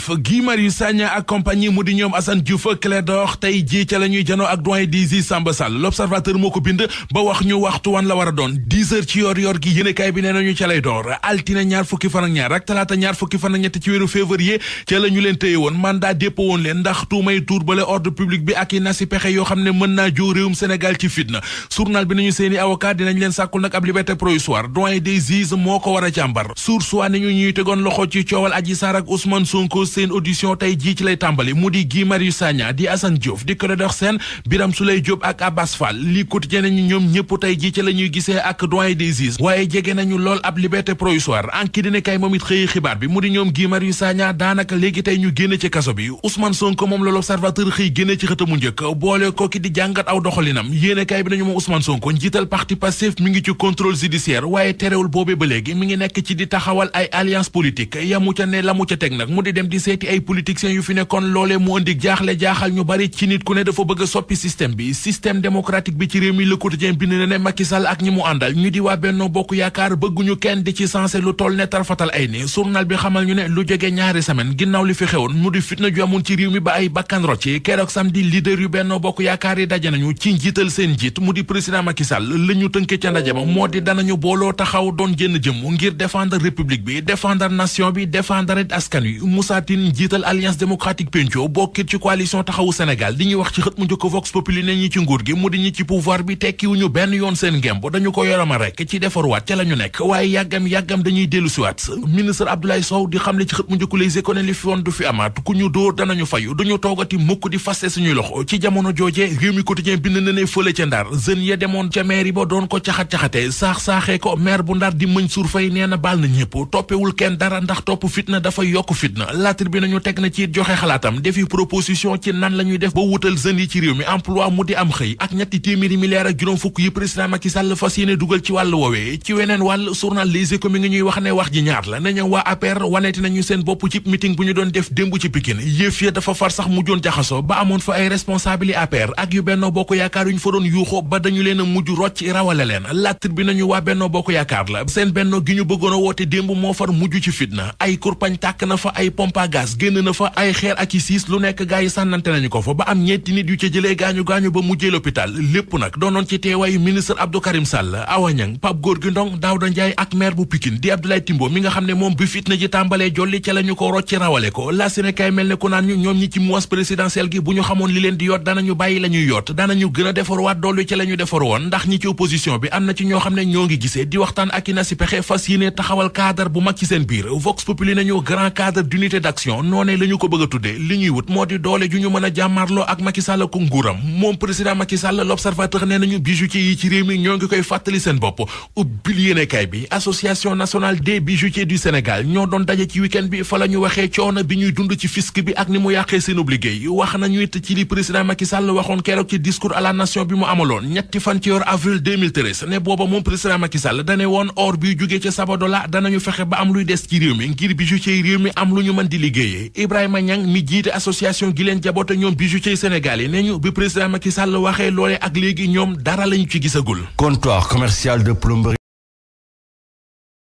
Diouf Guy Marius Sagna ak compagnie mu di ñoom Assane Diouf Clédor tey jii ca la janoo ak doyen des juges Samba Sall l'observateur moo ko bind ba wax ñu waxtu wan la war a doon dix ci yoor yoor gi yéenekaay bi nee nañu ca lay door altine ñaar fukki fan ñaar ak talaata ñaar fukki fan ñetti ci weeru février ca la ñu leen téye woon mandat dépôt woon leen ndax tuumay tuur bale ordre public bi ak i nasi pexe yoo xam ne mën naa joo réewum Sénégal ci fitna journal bi nañu seeni avocat dinañ leen sàkkul seen audition tey jii ci lay tàmbali mu di Guy Marius Sagna di Assane Diouf di Clédor Sène Birame Souleye Diop ak Abbas Fall lii quotidien nañu ñoom ñëpp tey jii ci la ñuy gisee ak doyen des juges waaye jege nañu lool ab liberté provisoire en ki dina moom it xëyi xibaar bi mu di ñoom Guy Marius Sagna daanaka léegi tey ñu génn ci kaso bi Ousmane Sonko moom la l'Observateur xëy génne ci xëtamu njëkk boole ko ki di jàngat aw doxalinam yéene kay bi nañu moom Ousmane Sonko ngi ci contrôle judiciaire waaye terewul boobee ba léegi mi ngi nekk ci di taxawal ay alliance politique yamu ca la mu ca teg nag mu di dem di seeti ay politiciens yu fi nekkoon loolee mu indi jaaxle jaaxal ñu bari ci nit ku ne dafa bëgg a soppi système bi système démocratique bi ci réew mi Le Quotidien bind na ne Macky ak ñi mu àndal ñu di waa Benno Bokk Yaakaar bëgguñu kenn di ci sensé lu toll ne tarfatal ay ni journal bi xamal ñu ne lu jege ñaari semaine ginnaaw li fi xewoon mu di fitna ju amoon ci réew mi ba ay bakkan rot ci keroog samedi leader yu Benno Bokk Yaakaar yi daje nañu ci njiital seen njiit mu di président Macky Sall la ñu tënke ca ndaje ma moo di danañu booloo taxaw doon jënn jëm ngir défendre république bi défendre nation bi défendre askan wi Tine jiital alliance démocratique penco bokkit ci coalition taxawu Sénégal di ñu wax ci xët mu njëkk vox populi ne ñi ci nguur gi mu di ñi ci pouvoir bi ñu benn yoon seen ngemb dañu ko yorama rek ci defarwaat ca la ñu nekk waaye yàggam-yàggam dañuy dellu siwaat ministre Abdoulaye Sow di xamle ci xët mu njëkk Les Échos fi woon du fi amaat ku ñu dóor danañu fay duñu toogati mukk di faste suñuy loxo ci jamono jooje réew mi quotidien bind na ne fële ca jeunes ya demoon ca mairie ba doon ko caxat-caxate saax-saaxee ko maire bu Ndar di Mansour Faye nee na baal na ñëpp toppewul kenn dara ndax topp fitna dafa yokk fitna la tribune ñu teg na ci joxe xalaatam defi proposition ci nan la ñuy def ba wutal jeunes yi ci réew mi emploi mu di am xëy ak ñetti téeméeri milliards ak juróom fukk yi président Macky Sall fas yéene dugal ci wàll woowee ci weneen wàll journal Les Échos mi ngi ñuy wax ne wax ji ñaar la nañu waa APR waneeti nañu seen bopp ci meeting bu ñu doon def démb ci Pikine yëf ya dafa far sax mujjoon jaxaso ba amoon fa ay responsable APR ak yu Benno pagas génn na fa ay xeer ak i siis lu nekk gaa sànnante nañu ko fa ba am ñetti nit yu ca jëlee gaañu gaañu ba mujjee l'hôpital lépp nag doonoon ci teewaayu ministre Abdou Karim Sall Awa Niang Pape Gorgui Ndong Daouda Ndiaye ak maire bu Pikine di Abdoulaye Timbo mi nga xam ne moom bi fitna ji tàmbalee jolli ca la ko rocci rawale ko la mel ne ku naan ñu ñoom ñi ci mois présidentielle gi bu ñu xamoon li leen di yoot danañu bàyyi la yoot a action noonee ko bëgg a li ñuy wut moo di doole ju ñu mën jàmmarloo ak Macky ko nguuram moom président Macky l'observateur nee nañu bijoutier yi wax nañu it ci li président Macky waxoon keroog ci discours à la nation bi mu amaloon ñetti fan ci yor avril ne booba moom président Macky Sall dane woon bi jógee ca Sabadola danañu fexe ba am luy des ci réew mi ngir bijoutier réew mi am lu ñu mën di liggéeyee Ibrahima Niang mi jiite association gi leen jaboote ñoom bi bijoutier Sénégal yi ne ñu bi président ma ki Sall waxee loole ak léegi ñoom dara lañu ci gisagul comptoir commercial de plomberie